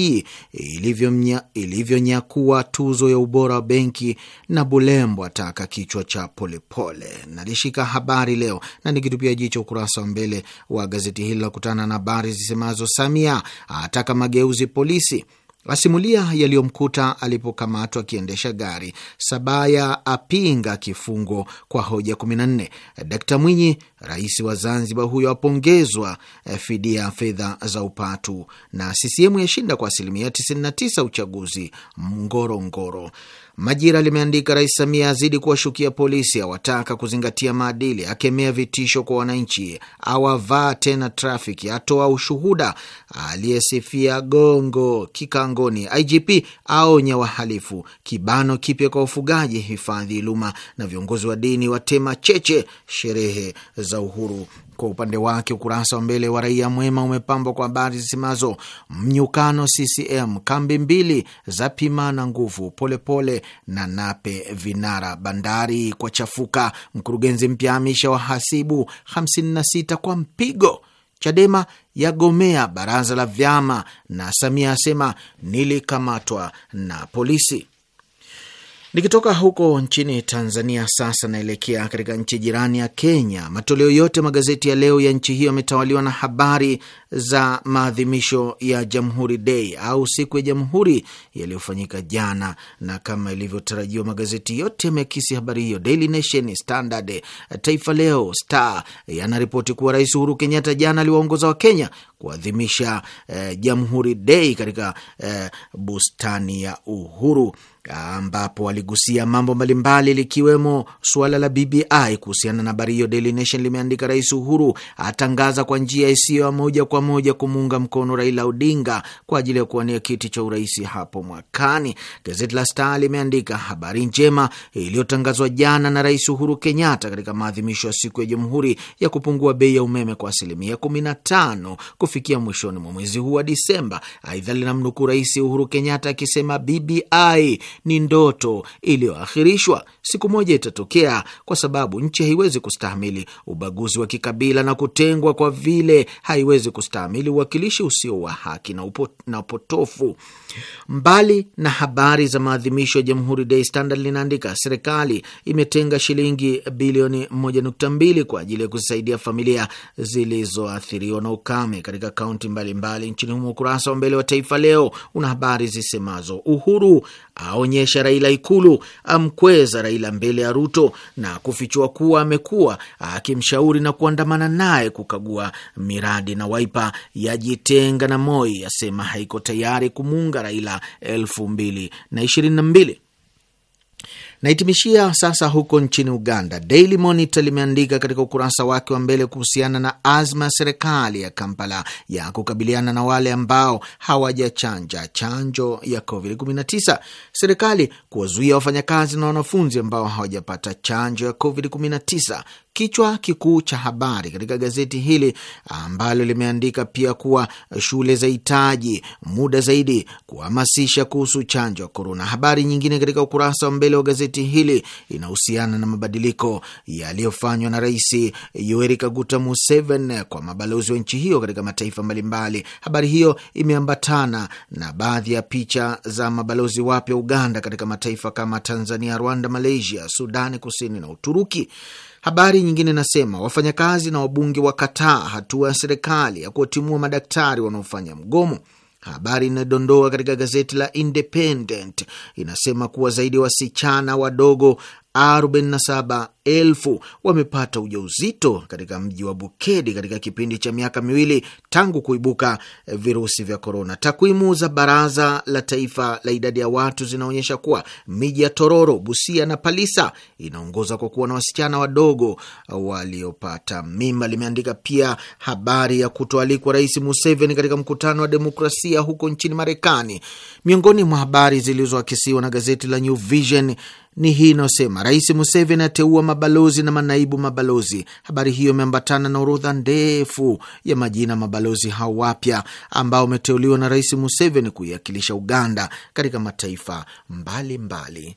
ilivyo, mnya, ilivyo aliyonyakua tuzo ya ubora wa benki na Bulembo ataka kichwa cha Polepole. Nalishika Habari Leo na nikitupia jicho ukurasa wa mbele wa gazeti hili la kutana na habari zisemazo Samia ataka mageuzi polisi asimulia yaliyomkuta alipokamatwa akiendesha gari. Sabaya apinga kifungo kwa hoja 14. Dkt Mwinyi, rais wa Zanzibar huyo apongezwa eh, fidia fedha za upatu, na CCM yashinda kwa asilimia 99 uchaguzi Ngorongoro. Majira limeandika Rais Samia azidi kuwashukia polisi, awataka kuzingatia maadili, akemea vitisho kwa wananchi, awavaa tena trafiki, atoa ushuhuda, aliyesifia gongo kikangoni, IGP aonya wahalifu, kibano kipya kwa ufugaji hifadhi Iluma, na viongozi wa dini watema cheche sherehe za uhuru kwa upande wake ukurasa wa mbele wa Raia Mwema umepambwa kwa habari zisemazo mnyukano CCM, kambi mbili za pimana nguvu, Polepole na Nape vinara, bandari kwa chafuka, mkurugenzi mpya amisha wahasibu 56 kwa mpigo, Chadema yagomea baraza la vyama, na Samia asema nilikamatwa na polisi. Nikitoka huko nchini Tanzania, sasa naelekea katika nchi jirani ya Kenya. Matoleo yote magazeti ya leo ya nchi hiyo yametawaliwa na habari za maadhimisho ya Jamhuri Day au siku ya Jamhuri yaliyofanyika jana, na kama ilivyotarajiwa magazeti yote yameakisi habari hiyo. Daily Nation, Standard, Taifa Leo, Star yanaripoti kuwa Rais Uhuru Kenyatta jana aliwaongoza Wakenya kuadhimisha eh, Jamhuri Day katika eh, bustani ya Uhuru ambapo aligusia mambo mbalimbali likiwemo suala la BBI. Kuhusiana na habari hiyo, Daily Nation limeandika Rais Uhuru atangaza kwa njia isiyo ya moja kwa moja kumuunga mkono Raila Odinga kwa ajili ya kuwania kiti cha urais hapo mwakani. Gazeti la Star limeandika habari njema iliyotangazwa jana na Rais Uhuru Kenyatta katika maadhimisho ya siku ya Jamhuri ya kupungua bei ya umeme kwa asilimia 15 kufikia mwishoni mwa mwezi huu wa Disemba. Aidha, linamnukuu Rais Uhuru Kenyatta akisema BBI ni ndoto iliyoakhirishwa. Siku moja itatokea, kwa sababu nchi haiwezi kustahimili ubaguzi wa kikabila na kutengwa, kwa vile haiwezi kustahimili uwakilishi usio wa haki na upotofu. Mbali na habari za maadhimisho ya Jamhuri, Day Standard linaandika serikali imetenga shilingi bilioni 1.2 kwa ajili ya kuzisaidia familia zilizoathiriwa na ukame katika kaunti mbalimbali nchini humo. Ukurasa wa mbele wa Taifa Leo una habari zisemazo: Uhuru aonyesha Raila Ikulu, amkweza Raila mbele ya Ruto na kufichua kuwa amekuwa akimshauri na kuandamana naye kukagua miradi, na Waipa yajitenga na Moi, asema haiko tayari kumunga kumpinga Raila elfu mbili na ishirini na mbili. Naitimishia sasa huko nchini Uganda. Daily Monitor limeandika katika ukurasa wake wa mbele kuhusiana na azma ya serikali ya Kampala ya kukabiliana na wale ambao hawajachanja chanjo ya COVID-19, serikali kuwazuia wafanyakazi na wanafunzi ambao hawajapata chanjo ya COVID-19 Kichwa kikuu cha habari katika gazeti hili ambalo limeandika pia kuwa shule zahitaji muda zaidi kuhamasisha kuhusu chanjo ya korona. Habari nyingine katika ukurasa wa mbele wa gazeti hili inahusiana na mabadiliko yaliyofanywa na Rais Yoweri Kaguta Museveni kwa mabalozi wa nchi hiyo katika mataifa mbalimbali. Habari hiyo imeambatana na baadhi ya picha za mabalozi wapya Uganda katika mataifa kama Tanzania, Rwanda, Malaysia, Sudani Kusini na Uturuki. Habari nyingine inasema wafanyakazi na wabunge wakataa hatua ya serikali ya kuwatimua madaktari wanaofanya mgomo. Habari inayodondoa katika gazeti la Independent inasema kuwa zaidi ya wasichana wadogo 47,000 wamepata ujauzito katika mji wa Bukedi katika kipindi cha miaka miwili tangu kuibuka virusi vya korona. Takwimu za Baraza la Taifa la Idadi ya Watu zinaonyesha kuwa miji ya Tororo, Busia na Palisa inaongoza kwa kuwa na wasichana wadogo waliopata mimba. Limeandika pia habari ya kutoalikwa Rais Museveni katika mkutano wa demokrasia huko nchini Marekani. Miongoni mwa habari zilizoakisiwa na gazeti la New Vision ni hii inayosema Rais Museveni ateua mabalozi na manaibu mabalozi. Habari hiyo imeambatana na orodha ndefu ya majina mabalozi hao wapya ambao wameteuliwa na Rais Museveni kuiwakilisha Uganda katika mataifa mbalimbali mbali.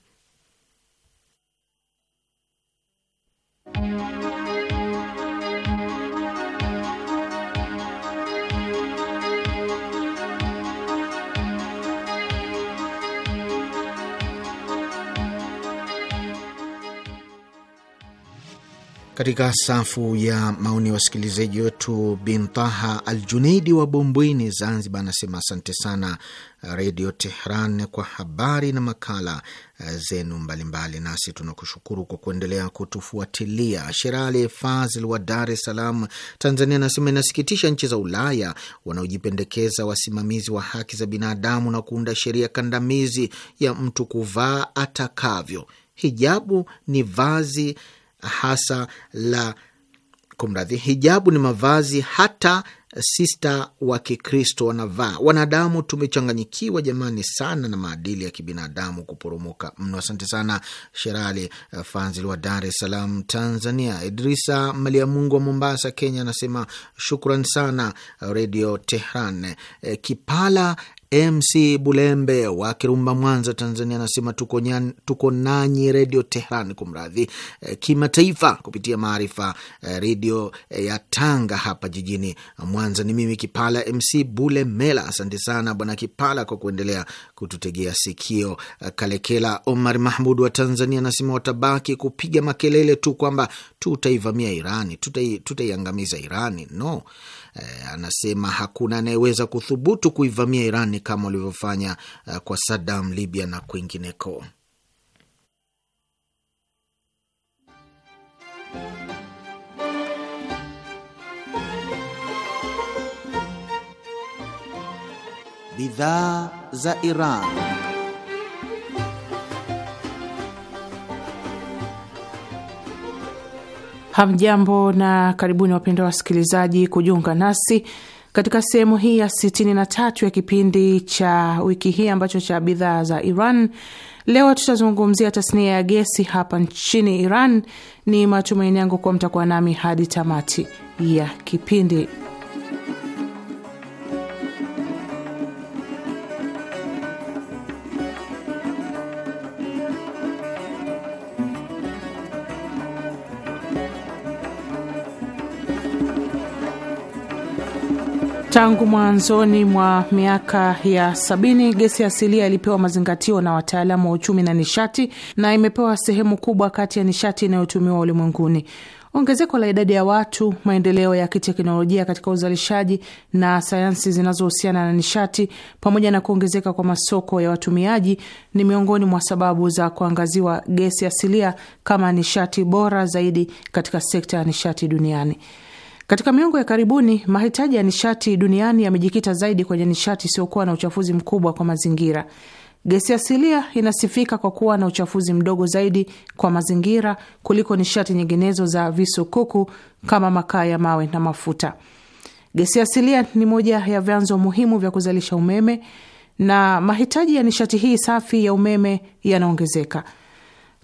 katika safu ya maoni ya wasikilizaji wetu, Bintaha Al Juneidi wa Bumbwini, Zanzibar, anasema asante sana uh, Redio Tehran kwa habari na makala uh, zenu mbalimbali, nasi tunakushukuru kwa kuendelea kutufuatilia. Sherali Fazil wa Dar es Salaam, Tanzania, anasema inasikitisha nchi za Ulaya wanaojipendekeza wasimamizi wa haki za binadamu na kuunda sheria kandamizi ya mtu kuvaa atakavyo. Hijabu ni vazi hasa la kumradhi. Hijabu ni mavazi hata sista wa Kikristo wanavaa. Wanadamu tumechanganyikiwa jamani sana, na maadili ya kibinadamu kuporomoka mno. Asante sana Sherali eh, Fanzil wa Dar es Salaam, Tanzania. Idrisa Maliamungu wa Mombasa, Kenya anasema shukran sana eh, Redio Tehran. Eh, Kipala MC Bulembe wa Kirumba, Mwanza, Tanzania, anasema tuko, tuko nanyi Redio Tehran kumradhi e, kimataifa kupitia Maarifa eh, redio e, ya Tanga hapa jijini Mwanza. Ni mimi Kipala MC Bulemela. Asante sana Bwana Kipala kwa kuendelea kututegea sikio. Kalekela Omar Mahmud wa Tanzania anasema watabaki kupiga makelele tu kwamba tutaivamia Irani, tutaiangamiza tutaiangamiza Irani no E, anasema hakuna anayeweza kuthubutu kuivamia Irani kama walivyofanya e, kwa Saddam, Libya na kwingineko. Bidhaa za Iran. Hamjambo na karibuni wapendwa wasikilizaji kujiunga nasi katika sehemu hii ya na tatu ya kipindi cha wiki hii ambacho cha bidhaa za Iran. Leo tutazungumzia tasnia ya gesi hapa nchini Iran. Ni matumaini yangu kuwa mtakuwa nami hadi tamati ya kipindi. Tangu mwanzoni mwa miaka ya sabini gesi asilia ilipewa mazingatio na wataalamu wa uchumi na nishati na imepewa sehemu kubwa kati ya nishati inayotumiwa ulimwenguni. Ongezeko la idadi ya watu, maendeleo ya kiteknolojia katika uzalishaji na sayansi zinazohusiana na nishati, pamoja na kuongezeka kwa masoko ya watumiaji ni miongoni mwa sababu za kuangaziwa gesi asilia kama nishati bora zaidi katika sekta ya nishati duniani. Katika miongo ya karibuni mahitaji ya nishati duniani yamejikita zaidi kwenye nishati isiyokuwa na uchafuzi mkubwa kwa mazingira. Gesi asilia inasifika kwa kuwa na uchafuzi mdogo zaidi kwa mazingira kuliko nishati nyinginezo za visukuku kama makaa ya mawe na mafuta. Gesi asilia ni moja ya vyanzo muhimu vya kuzalisha umeme na mahitaji ya nishati hii safi ya umeme yanaongezeka.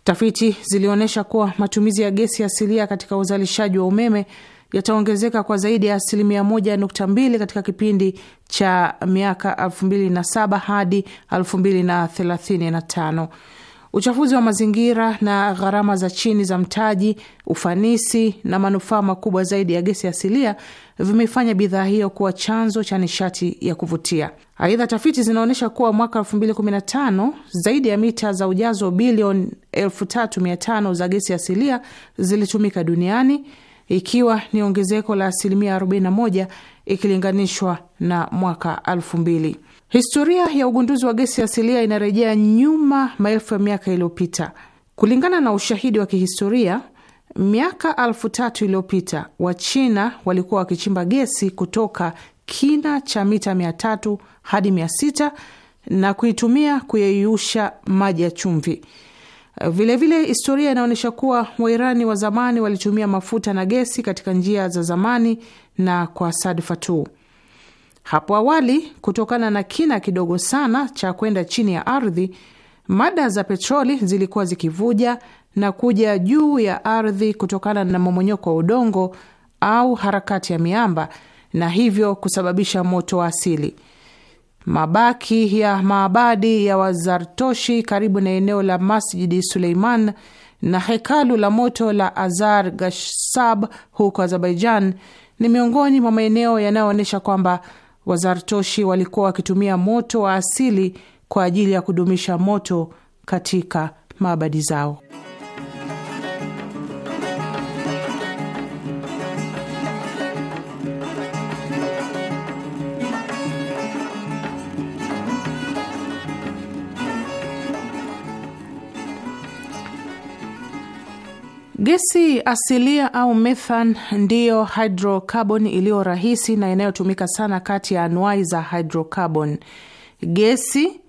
Tafiti zilionyesha kuwa matumizi ya gesi asilia katika uzalishaji wa umeme yataongezeka kwa zaidi ya asilimia 1.2 katika kipindi cha miaka saba hadi tano. Uchafuzi wa mazingira na gharama za chini za mtaji, ufanisi na manufaa makubwa zaidi ya gesi asilia vimefanya bidhaa hiyo kuwa chanzo cha nishati ya kuvutia. Aidha, tafiti zinaonyesha kuwa mwaka 2015 zaidi ya mita za ujazo bilioni 3500 za gesi asilia zilitumika duniani ikiwa ni ongezeko la asilimia 41 ikilinganishwa na mwaka 2000. Historia ya ugunduzi wa gesi asilia inarejea nyuma maelfu ya miaka iliyopita. Kulingana na ushahidi wa kihistoria, miaka alfu tatu iliyopita Wachina walikuwa wakichimba gesi kutoka kina cha mita tatu hadi sita na kuitumia kuyeyusha maji ya chumvi. Vilevile eh, vile historia inaonyesha kuwa Wairani wa zamani walitumia mafuta na gesi katika njia za zamani na kwa sadfa tu. Hapo awali, kutokana na kina kidogo sana cha kwenda chini ya ardhi, mada za petroli zilikuwa zikivuja na kuja juu ya ardhi kutokana na momonyoko wa udongo au harakati ya miamba, na hivyo kusababisha moto wa asili. Mabaki ya maabadi ya Wazartoshi karibu na eneo la Masjidi Suleiman na hekalu la moto la Azar Gashsab huko Azerbaijan ni miongoni mwa maeneo yanayoonyesha kwamba Wazartoshi walikuwa wakitumia moto wa asili kwa ajili ya kudumisha moto katika maabadi zao. Gesi asilia au methan ndiyo hydrocarbon iliyo rahisi na inayotumika sana kati ya anuai za hydrocarbon. Gesi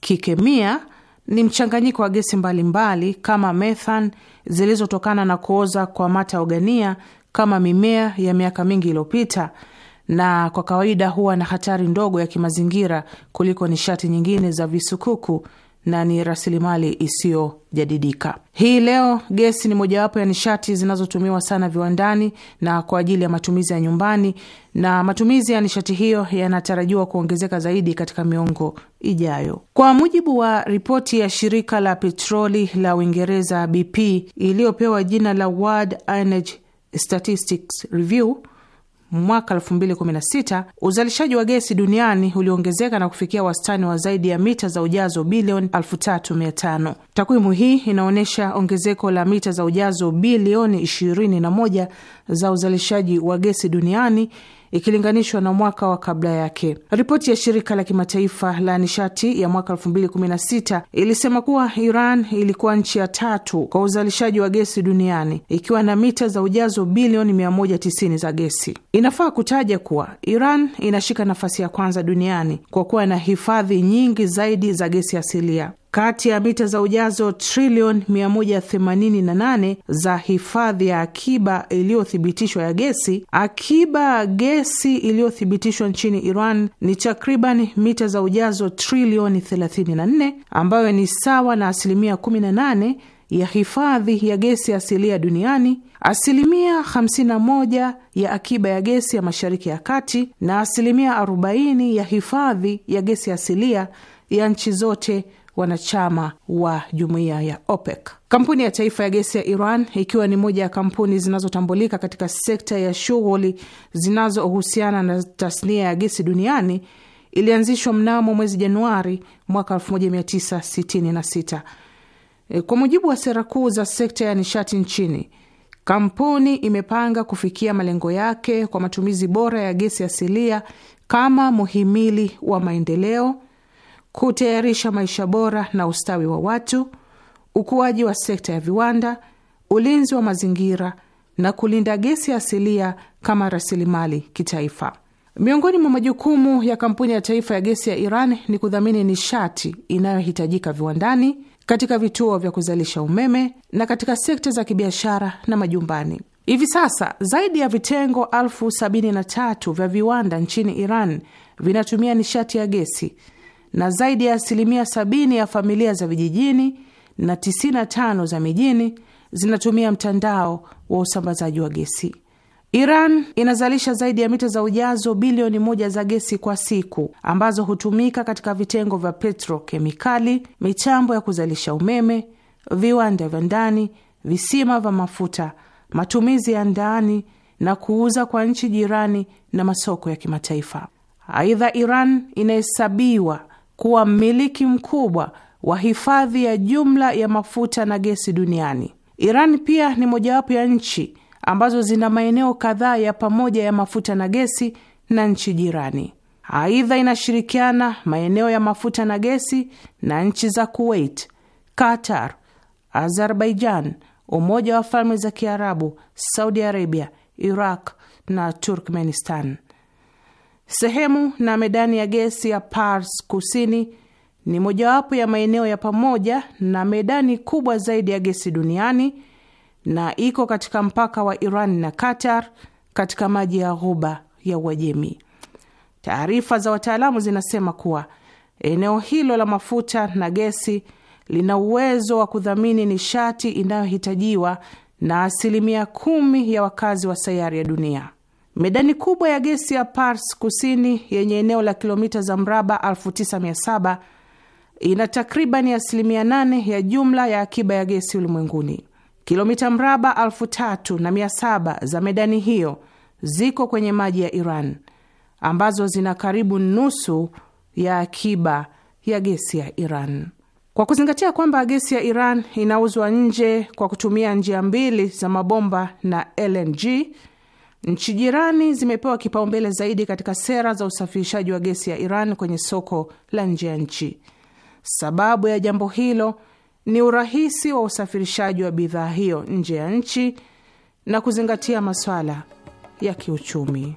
kikemia ni mchanganyiko wa gesi mbalimbali mbali, kama methan zilizotokana na kuoza kwa mata ogania kama mimea ya miaka mingi iliyopita, na kwa kawaida huwa na hatari ndogo ya kimazingira kuliko nishati nyingine za visukuku na ni rasilimali isiyojadidika. Hii leo gesi ni mojawapo ya nishati zinazotumiwa sana viwandani na kwa ajili ya matumizi ya nyumbani, na matumizi ya nishati hiyo yanatarajiwa kuongezeka zaidi katika miongo ijayo. Kwa mujibu wa ripoti ya shirika la petroli la Uingereza BP iliyopewa jina la World Energy Statistics Review mwaka 2016 uzalishaji wa gesi duniani uliongezeka na kufikia wastani wa zaidi ya mita za ujazo bilioni 3500. Takwimu hii inaonyesha ongezeko la mita za ujazo bilioni 21 za uzalishaji wa gesi duniani ikilinganishwa na mwaka wa kabla yake. Ripoti ya shirika la kimataifa la nishati ya mwaka 2016 ilisema kuwa Iran ilikuwa nchi ya tatu kwa uzalishaji wa gesi duniani ikiwa na mita za ujazo bilioni 190 za gesi. Inafaa kutaja kuwa Iran inashika nafasi ya kwanza duniani kwa kuwa na hifadhi nyingi zaidi za gesi asilia kati ya mita za ujazo trilioni 188 za hifadhi ya akiba iliyothibitishwa ya gesi, akiba gesi iliyothibitishwa nchini Iran ni takriban mita za ujazo trilioni 34 ambayo ni sawa na asilimia 18 ya hifadhi ya gesi asilia duniani, asilimia 51 ya akiba ya gesi ya Mashariki ya Kati na asilimia 40 ya hifadhi ya gesi asilia ya nchi zote wanachama wa jumuiya ya OPEC. Kampuni ya taifa ya gesi ya Iran, ikiwa ni moja ya kampuni zinazotambulika katika sekta ya shughuli zinazohusiana na tasnia ya gesi duniani, ilianzishwa mnamo mwezi Januari mwaka 1966 e, kwa mujibu wa sera kuu za sekta ya nishati nchini. Kampuni imepanga kufikia malengo yake kwa matumizi bora ya gesi asilia kama muhimili wa maendeleo kutayarisha maisha bora na ustawi wa watu, ukuaji wa sekta ya viwanda, ulinzi wa mazingira na kulinda gesi asilia kama rasilimali kitaifa. Miongoni mwa majukumu ya kampuni ya taifa ya gesi ya Iran ni kudhamini nishati inayohitajika viwandani, katika vituo vya kuzalisha umeme na katika sekta za kibiashara na majumbani. Hivi sasa zaidi ya vitengo elfu sabini na tatu vya viwanda nchini Iran vinatumia nishati ya gesi na zaidi ya asilimia sabini ya familia za vijijini na 95 za mijini zinatumia mtandao wa usambazaji wa gesi. Iran inazalisha zaidi ya mita za ujazo bilioni moja za gesi kwa siku ambazo hutumika katika vitengo vya petrokemikali, mitambo ya kuzalisha umeme, viwanda vya ndani, visima vya mafuta, matumizi ya ndani na kuuza kwa nchi jirani na masoko ya kimataifa. Aidha, Iran inahesabiwa kuwa mmiliki mkubwa wa hifadhi ya jumla ya mafuta na gesi duniani. Iran pia ni mojawapo ya nchi ambazo zina maeneo kadhaa ya pamoja ya mafuta na gesi na nchi jirani. Aidha, inashirikiana maeneo ya mafuta na gesi na nchi za Kuwait, Qatar, Azerbaijan, Umoja wa Falme za Kiarabu, Saudi Arabia, Iraq na Turkmenistan. Sehemu na medani ya gesi ya Pars Kusini ni mojawapo ya maeneo ya pamoja na medani kubwa zaidi ya gesi duniani na iko katika mpaka wa Iran na Qatar katika maji ya Ghuba ya Uajemi. Taarifa za wataalamu zinasema kuwa eneo hilo la mafuta na gesi lina uwezo wa kudhamini nishati inayohitajiwa na asilimia kumi ya wakazi wa sayari ya dunia. Medani kubwa ya gesi ya Pars Kusini yenye eneo la kilomita za mraba 9700 ina takribani asilimia 8 ya jumla ya akiba ya gesi ulimwenguni. Kilomita mraba 3700 za medani hiyo ziko kwenye maji ya Iran ambazo zina karibu nusu ya akiba ya gesi ya Iran. Kwa kuzingatia kwamba gesi ya Iran inauzwa nje kwa kutumia njia mbili za mabomba na LNG Nchi jirani zimepewa kipaumbele zaidi katika sera za usafirishaji wa gesi ya Iran kwenye soko la nje ya nchi. Sababu ya jambo hilo ni urahisi wa usafirishaji wa bidhaa hiyo nje ya nchi na kuzingatia masuala ya kiuchumi.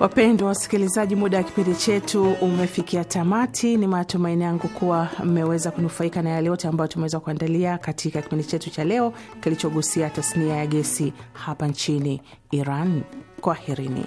Wapendwa wasikilizaji, muda wa kipindi chetu umefikia tamati. Ni matumaini yangu kuwa mmeweza kunufaika na yale yote ambayo tumeweza kuandalia katika kipindi chetu cha leo kilichogusia tasnia ya gesi hapa nchini Iran. Kwaherini.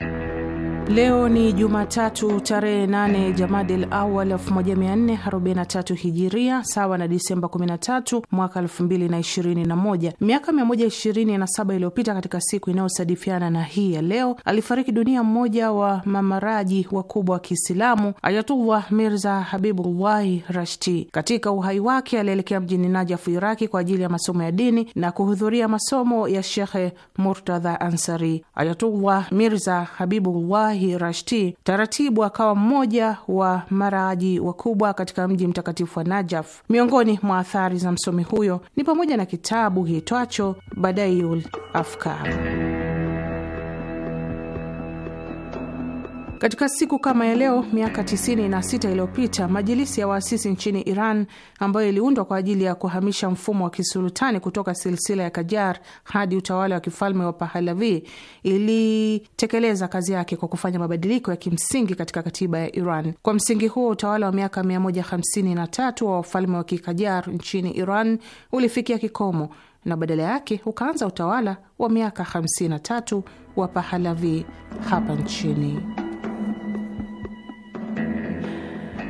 Leo ni Jumatatu tarehe 8 Jamadil Awal 1443 Hijiria, sawa na Disemba 13 mwaka 2021. Miaka 127 iliyopita, katika siku inayosadifiana na hii ya leo, alifariki dunia mmoja wa mamaraji wakubwa wa Kiislamu, Ayatullah Mirza Habibullahi Rashti. Katika uhai wake alielekea mjini Najafu, Iraki, kwa ajili ya masomo ya dini na kuhudhuria masomo ya Shekhe Murtadha Ansari. Ayatullah Mirza Habibullahi Ruhullahi Rashti taratibu akawa mmoja wa maraji wakubwa katika mji mtakatifu wa Najaf. Miongoni mwa athari za msomi huyo ni pamoja na kitabu kiitwacho Badaiul Afkar. Katika siku kama ya leo miaka 96 iliyopita majilisi ya waasisi nchini Iran ambayo iliundwa kwa ajili ya kuhamisha mfumo wa kisultani kutoka silsila ya Kajar hadi utawala wa kifalme wa Pahalavi ilitekeleza kazi yake kwa kufanya mabadiliko ya kimsingi katika katiba ya Iran. Kwa msingi huo, utawala wa miaka 153 wa wafalme wa kikajar nchini Iran ulifikia kikomo na badala yake ukaanza utawala wa miaka 53 wa Pahalavi hapa nchini.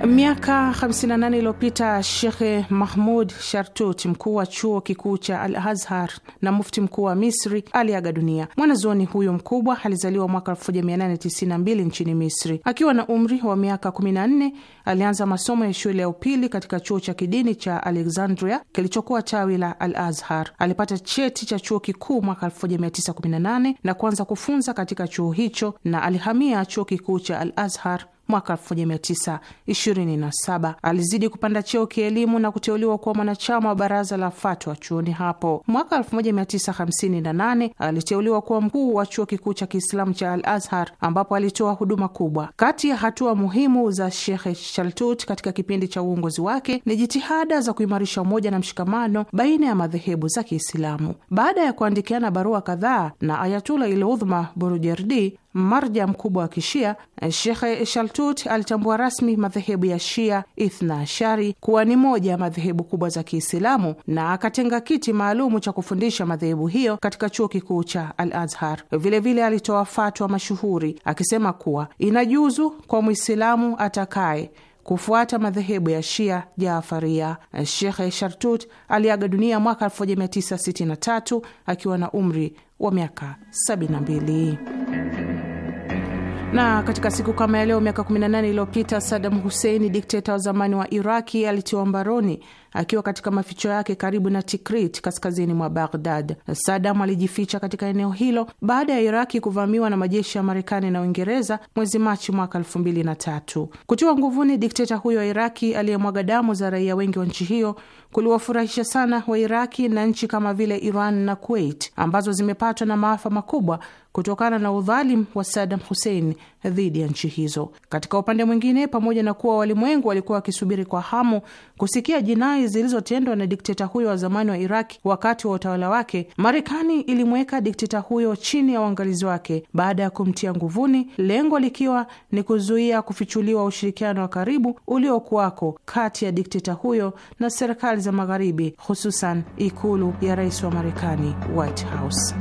Miaka 58 iliyopita Shekhe Mahmud Shartut, mkuu wa chuo kikuu cha Al Azhar na mufti mkuu wa Misri, aliaga dunia. Mwanazuoni huyo mkubwa alizaliwa mwaka 1892 nchini Misri. Akiwa na umri wa miaka 14 alianza masomo ya shule ya upili katika chuo cha kidini cha Alexandria kilichokuwa tawi la Al Azhar. Alipata cheti cha chuo kikuu mwaka 1918 na kuanza kufunza katika chuo hicho, na alihamia chuo kikuu cha Al Azhar mwaka 1927. Alizidi kupanda cheo kielimu na kuteuliwa kuwa mwanachama wa baraza la fatwa chuoni hapo. Mwaka 1958 aliteuliwa kuwa mkuu wa chuo kikuu cha Kiislamu cha Al Azhar, ambapo alitoa huduma kubwa. Kati ya hatua muhimu za Shekhe Shaltut katika kipindi cha uongozi wake ni jitihada za kuimarisha umoja na mshikamano baina ya madhehebu za Kiislamu. Baada ya kuandikiana barua kadhaa na Ayatula Iludhma Burujerdi marja mkubwa wa kishia, Shekhe Shaltut alitambua rasmi madhehebu ya Shia Ithna Ashari kuwa ni moja ya madhehebu kubwa za Kiislamu na akatenga kiti maalumu cha kufundisha madhehebu hiyo katika chuo kikuu cha Al Azhar. Vilevile alitoa fatwa mashuhuri akisema kuwa inajuzu kwa Mwislamu atakaye kufuata madhehebu ya Shia Jaafaria. Shekhe Shartut aliaga dunia mwaka 1963 akiwa na umri wa miaka 72. Na katika siku kama ya leo miaka 18 iliyopita Sadam husseini dikteta wa zamani wa Iraki, alitiwa mbaroni Akiwa katika maficho yake karibu na Tikrit kaskazini mwa Baghdad, Sadam alijificha katika eneo hilo baada ya Iraki kuvamiwa na majeshi ya Marekani na Uingereza mwezi Machi mwaka elfu mbili na tatu. Kutiwa nguvuni dikteta huyo wa Iraki aliyemwaga damu za raia wengi wa nchi hiyo kuliwafurahisha sana Wairaki na nchi kama vile Iran na Kuwait ambazo zimepatwa na maafa makubwa kutokana na udhalim wa Sadam Hussein dhidi ya nchi hizo. Katika upande mwingine, pamoja na kuwa walimwengu walikuwa wakisubiri kwa hamu kusikia jinai zilizotendwa na dikteta huyo wa zamani wa Iraki wakati wa utawala wake, Marekani ilimweka dikteta huyo chini ya uangalizi wake baada ya kumtia nguvuni, lengo likiwa ni kuzuia kufichuliwa ushirikiano wa karibu uliokuwako kati ya dikteta huyo na serikali za Magharibi, hususan ikulu ya rais wa Marekani, White House.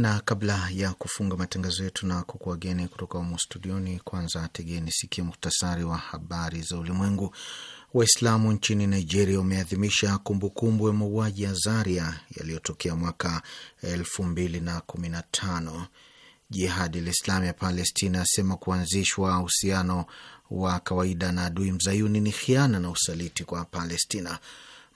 na kabla ya kufunga matangazo yetu na kukuageni kutoka humo studioni, kwanza tegeni sikia muhtasari wa habari za ulimwengu. Waislamu nchini Nigeria wameadhimisha kumbukumbu ya mauaji ya Zaria yaliyotokea mwaka elfu mbili na kumi na tano. Jihadi Islami ya Palestina asema kuanzishwa uhusiano wa kawaida na adui mzayuni ni khiana na usaliti kwa Palestina.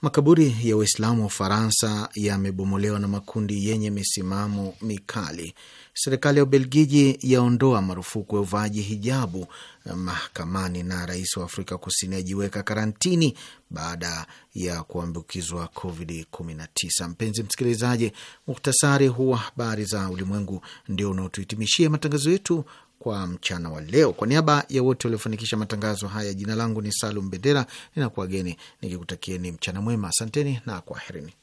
Makaburi ya Waislamu wa Ufaransa yamebomolewa na makundi yenye misimamo mikali. Serikali ya Ubelgiji yaondoa marufuku ya uvaaji hijabu mahakamani, na rais wa Afrika Kusini ajiweka karantini baada ya kuambukizwa COVID-19. Mpenzi msikilizaji, muhtasari huu wa habari za ulimwengu ndio unaotuhitimishia matangazo yetu kwa mchana wa leo. Kwa niaba ya wote waliofanikisha matangazo haya, jina langu ni Salum Bendera, ninakuageni nikikutakieni mchana mwema. Asanteni na kwaherini.